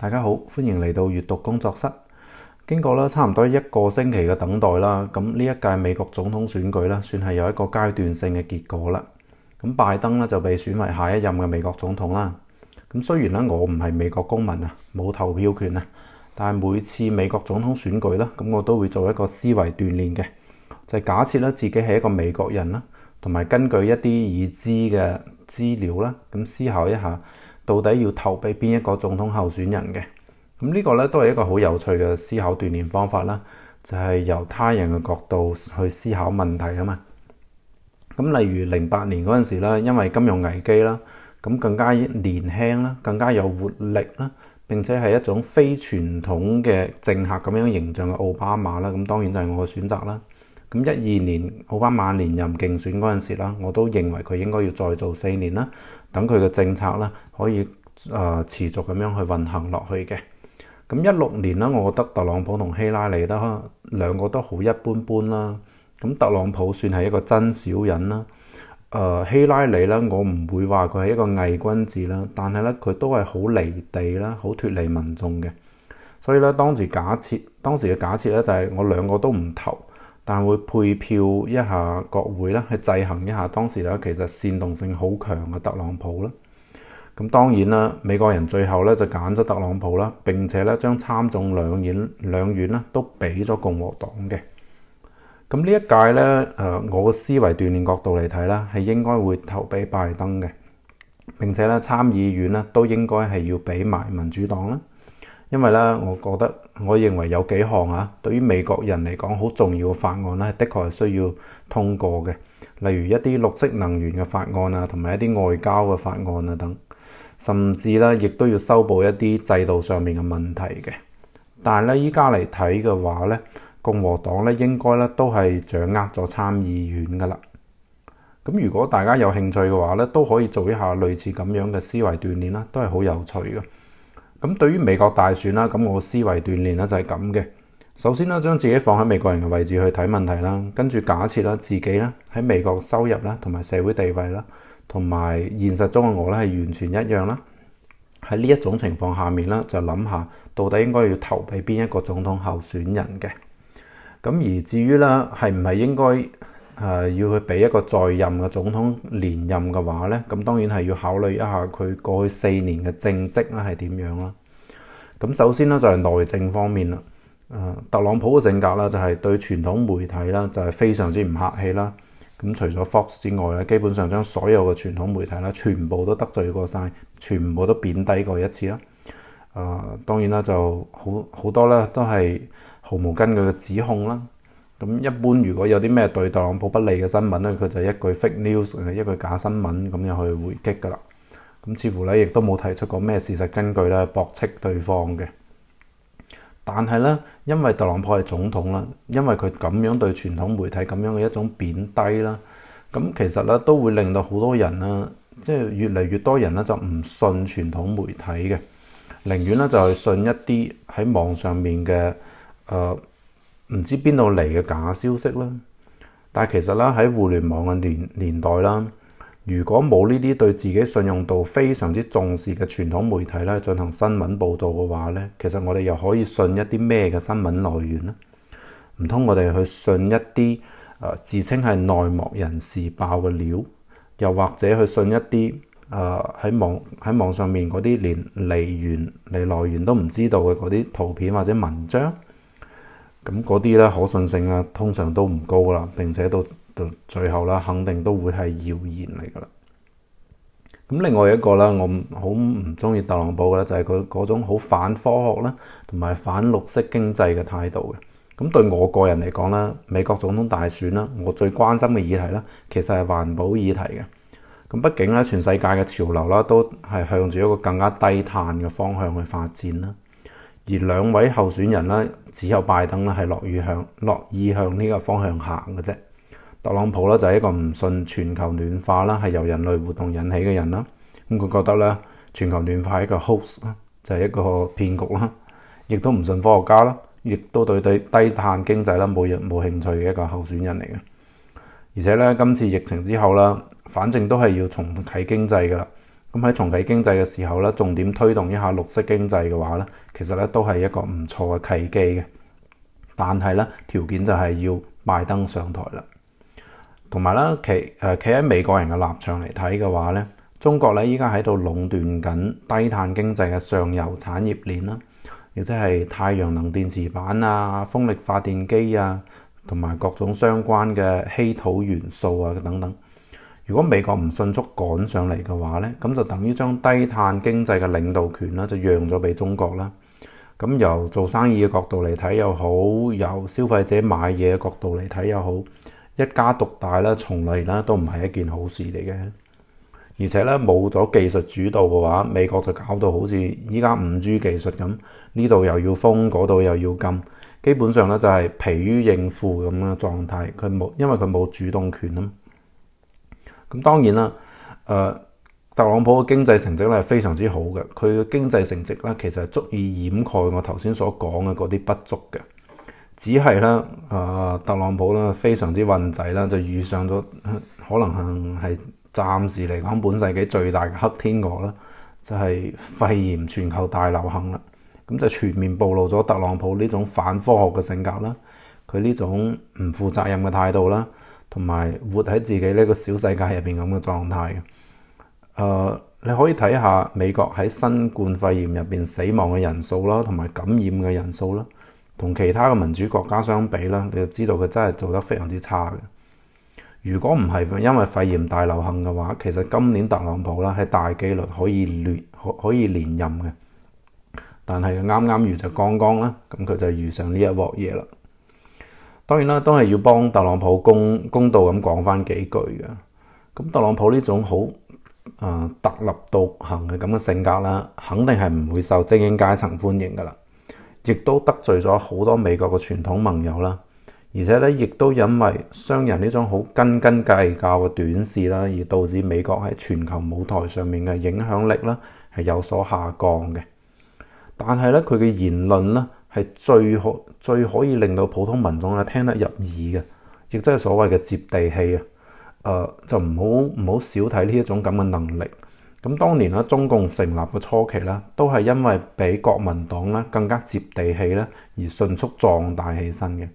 大家好，歡迎嚟到閱讀工作室。經過啦差唔多一個星期嘅等待啦，咁呢一屆美國總統選舉啦，算係有一個階段性嘅結果啦。咁拜登咧就被選為下一任嘅美國總統啦。咁雖然咧我唔係美國公民啊，冇投票權啊，但係每次美國總統選舉咧，咁我都會做一個思維鍛煉嘅，就係、是、假設咧自己係一個美國人啦，同埋根據一啲已知嘅資料啦，咁思考一下。到底要投畀邊一個總統候選人嘅？咁呢個咧都係一個好有趣嘅思考鍛煉方法啦，就係、是、由他人嘅角度去思考問題啊嘛。咁例如零八年嗰陣時啦，因為金融危機啦，咁更加年輕啦，更加有活力啦，並且係一種非傳統嘅政客咁樣形象嘅奧巴馬啦，咁當然就係我嘅選擇啦。咁一二年奧巴馬連任競選嗰陣時啦，我都認為佢應該要再做四年啦，等佢嘅政策啦可以誒持續咁樣去運行落去嘅。咁一六年啦，我覺得特朗普同希拉里啦，兩個都好一般般啦。咁特朗普算係一個真小人啦，誒、呃、希拉里咧，我唔會話佢係一個偽君子啦，但係咧佢都係好離地啦，好脱離民眾嘅。所以咧當時假設當時嘅假設咧就係我兩個都唔投，但會配票一下國會啦，去制衡一下當時咧其實煽動性好強嘅特朗普啦。咁當然啦，美國人最後咧就揀咗特朗普啦，並且咧將參眾兩院兩院咧都俾咗共和黨嘅。咁呢一屆咧，誒我嘅思維鍛鍊角度嚟睇啦，係應該會投俾拜登嘅。並且咧參議院咧都應該係要俾埋民主黨啦。因為咧，我覺得我認為有幾項啊，對於美國人嚟講好重要嘅法案咧，的確係需要通過嘅。例如一啲綠色能源嘅法案啊，同埋一啲外交嘅法案啊等，甚至咧亦都要修補一啲制度上面嘅問題嘅。但係咧，依家嚟睇嘅話咧，共和黨咧應該咧都係掌握咗參議院㗎喇。咁如果大家有興趣嘅話咧，都可以做一下類似咁樣嘅思維鍛煉啦，都係好有趣嘅。咁對於美國大選啦，咁我思維鍛煉啦就係咁嘅。首先啦，將自己放喺美國人嘅位置去睇問題啦，跟住假設啦自己啦喺美國收入啦同埋社會地位啦，同埋現實中嘅我啦係完全一樣啦。喺呢一種情況下面啦，就諗下到底應該要投俾邊一個總統候選人嘅。咁而至於啦，係唔係應該？誒要去畀一個在任嘅總統連任嘅話咧，咁當然係要考慮一下佢過去四年嘅政績啦，係點樣啦？咁首先咧就係內政方面啦。誒，特朗普嘅性格啦，就係對傳統媒體啦，就係非常之唔客氣啦。咁除咗 Fox 之外咧，基本上將所有嘅傳統媒體啦，全部都得罪過晒，全部都貶低過一次啦。誒、呃，當然啦，就好好多咧，都係毫無根據嘅指控啦。咁一般如果有啲咩對特朗普不利嘅新聞咧，佢就一句 fake news，一句假新聞咁樣去回擊噶啦。咁似乎咧亦都冇提出過咩事實根據咧，駁斥對方嘅。但係咧，因為特朗普係總統啦，因為佢咁樣對傳統媒體咁樣嘅一種貶低啦，咁其實咧都會令到好多人咧，即係越嚟越多人咧就唔信傳統媒體嘅，寧願咧就係信一啲喺網上面嘅誒。呃唔知邊度嚟嘅假消息啦，但係其實啦，喺互聯網嘅年年代啦，如果冇呢啲對自己信用度非常之重視嘅傳統媒體啦進行新聞報導嘅話咧，其實我哋又可以信一啲咩嘅新聞來源咧？唔通我哋去信一啲誒、呃、自稱係內幕人士爆嘅料，又或者去信一啲誒喺網喺網上面嗰啲連嚟源嚟來，來源都唔知道嘅嗰啲圖片或者文章？咁嗰啲咧可信性啊，通常都唔高啦。並且到到最後啦，肯定都會係謠言嚟㗎啦。咁另外一個啦，我好唔中意特朗普啦，就係佢嗰種好反科學啦，同埋反綠色經濟嘅態度嘅。咁對我個人嚟講啦，美國總統大選啦，我最關心嘅議題啦，其實係環保議題嘅。咁畢竟啦，全世界嘅潮流啦，都係向住一個更加低碳嘅方向去發展啦。而兩位候選人呢，只有拜登呢係樂意向樂意向呢個方向行嘅啫。特朗普呢就係一個唔信全球暖化啦，係由人類活動引起嘅人啦。咁佢覺得呢，全球暖化係一個 hoax 啦，就係一個騙局啦。亦都唔信科學家啦，亦都對對低碳經濟啦冇冇興趣嘅一個候選人嚟嘅。而且呢，今次疫情之後啦，反正都係要重啟經濟㗎喇。咁喺重啟經濟嘅時候咧，重點推動一下綠色經濟嘅話咧，其實咧都係一個唔錯嘅契機嘅。但係咧條件就係要拜登上台啦。同埋咧，企誒企喺美國人嘅立場嚟睇嘅話咧，中國咧依家喺度壟斷緊低碳經濟嘅上游產業鏈啦，亦即係太陽能電池板啊、風力發電機啊，同埋各種相關嘅稀土元素啊等等。如果美國唔迅速趕上嚟嘅話咧，咁就等於將低碳經濟嘅領導權啦，就讓咗俾中國啦。咁由做生意嘅角度嚟睇又好，由消費者買嘢嘅角度嚟睇又好，一家獨大啦，從嚟啦都唔係一件好事嚟嘅。而且咧冇咗技術主導嘅話，美國就搞到好似依家五 G 技術咁，呢度又要封，嗰度又要禁，基本上咧就係疲於應付咁嘅狀態。佢冇，因為佢冇主動權啊。咁當然啦，誒，特朗普嘅經濟成績咧係非常之好嘅，佢嘅經濟成績咧其實足以掩蓋我頭先所講嘅嗰啲不足嘅，只係咧誒，特朗普咧非常之運滯啦，就遇上咗可能性係暫時嚟講本世紀最大嘅黑天鵝啦，就係肺炎全球大流行啦，咁就全面暴露咗特朗普呢種反科學嘅性格啦，佢呢種唔負責任嘅態度啦。同埋活喺自己呢個小世界入邊咁嘅狀態嘅，誒、呃，你可以睇下美國喺新冠肺炎入邊死亡嘅人數啦，同埋感染嘅人數啦，同其他嘅民主國家相比啦，你就知道佢真係做得非常之差嘅。如果唔係因為肺炎大流行嘅話，其實今年特朗普啦係大機率可以連可以連任嘅，但係啱啱遇着剛剛啦，咁佢就遇上呢一鑊嘢啦。當然啦，都係要幫特朗普公，公道咁講翻幾句嘅。咁特朗普呢種好啊、呃、特立獨行嘅咁嘅性格啦，肯定係唔會受精英階層歡迎噶啦，亦都得罪咗好多美國嘅傳統盟友啦。而且咧，亦都因為商人呢種好斤斤計較嘅短視啦，而導致美國喺全球舞台上面嘅影響力啦係有所下降嘅。但係咧，佢嘅言論咧。係最可最可以令到普通民眾啊聽得入耳嘅，亦即係所謂嘅接地氣啊！誒、呃，就唔好唔好少睇呢一種咁嘅能力。咁當年咧，中共成立嘅初期啦，都係因為比國民黨咧更加接地氣咧，而迅速壯大起身嘅。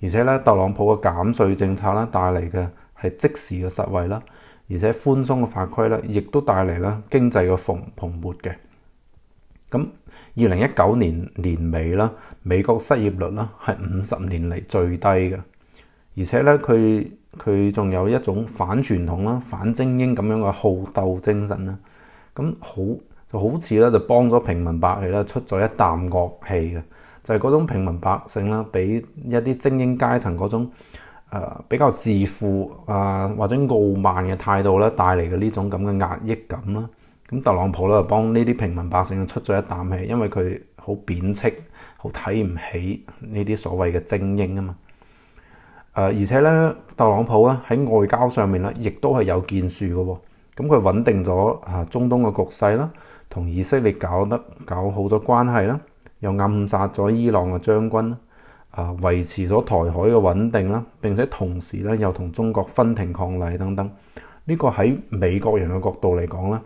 而且咧，特朗普嘅減稅政策咧，帶嚟嘅係即時嘅實惠啦，而且寬鬆嘅法規咧，亦都帶嚟啦經濟嘅馴蓬，蓬勃嘅。咁二零一九年年尾啦，美國失業率啦係五十年嚟最低嘅，而且咧佢佢仲有一種反傳統啦、反精英咁樣嘅好鬥精神啦，咁好就好似咧就幫咗平民百姓啦出咗一啖惡氣嘅，就係、係、嗰種平民百姓啦，俾一啲精英階層嗰種、呃、比較自負啊、呃、或者傲慢嘅態度咧帶嚟嘅呢種咁嘅壓抑感啦。咁特朗普咧就幫呢啲平民百姓出咗一啖氣，因為佢好貶斥，好睇唔起呢啲所謂嘅精英啊嘛、呃。而且咧，特朗普咧喺外交上面咧，亦都係有建樹嘅喎。咁佢穩定咗啊，中東嘅局勢啦，同以色列搞得搞好咗關係啦，又暗殺咗伊朗嘅將軍，啊、呃，維持咗台海嘅穩定啦。並且同時咧，又同中國分庭抗禮等等。呢、這個喺美國人嘅角度嚟講咧。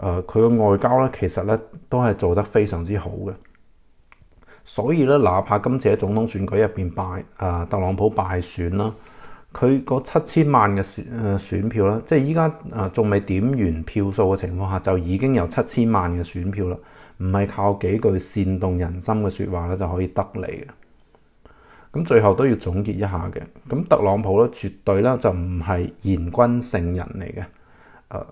佢個、呃、外交咧，其實咧都係做得非常之好嘅，所以咧，哪怕今次喺總統選舉入邊敗，誒、呃、特朗普敗選啦，佢嗰七千萬嘅選誒、呃、票啦，即係依家誒仲未點完票數嘅情況下，就已經有七千萬嘅選票啦，唔係靠幾句煽動人心嘅説話咧就可以得嚟嘅。咁最後都要總結一下嘅，咁特朗普咧絕對咧就唔係賢君聖人嚟嘅，誒、呃。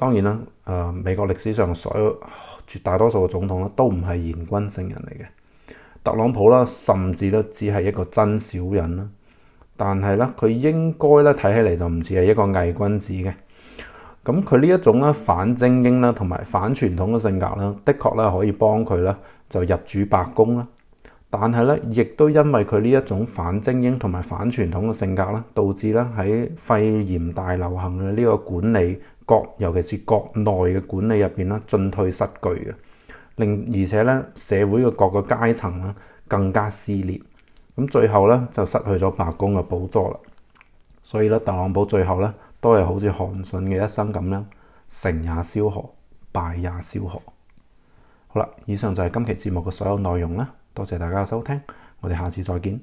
當然啦，誒、呃、美國歷史上所有、呃、絕大多數嘅總統啦，都唔係賢君聖人嚟嘅。特朗普啦，甚至咧只係一個真小人啦。但係咧，佢應該咧睇起嚟就唔似係一個偽君子嘅。咁佢呢一種咧反精英啦，同埋反傳統嘅性格咧，的確咧可以幫佢咧就入主白宮啦。但係咧，亦都因為佢呢一種反精英同埋反傳統嘅性格啦，導致咧喺肺炎大流行嘅呢個管理。國尤其是國內嘅管理入邊啦，進退失據嘅，令而且咧社會嘅各個階層啦更加撕裂，咁最後咧就失去咗白宮嘅寶座啦。所以咧，特朗普最後咧都係好似韓信嘅一生咁啦，成也蕭何，敗也蕭何。好啦，以上就係今期節目嘅所有內容啦，多謝大家收聽，我哋下次再見。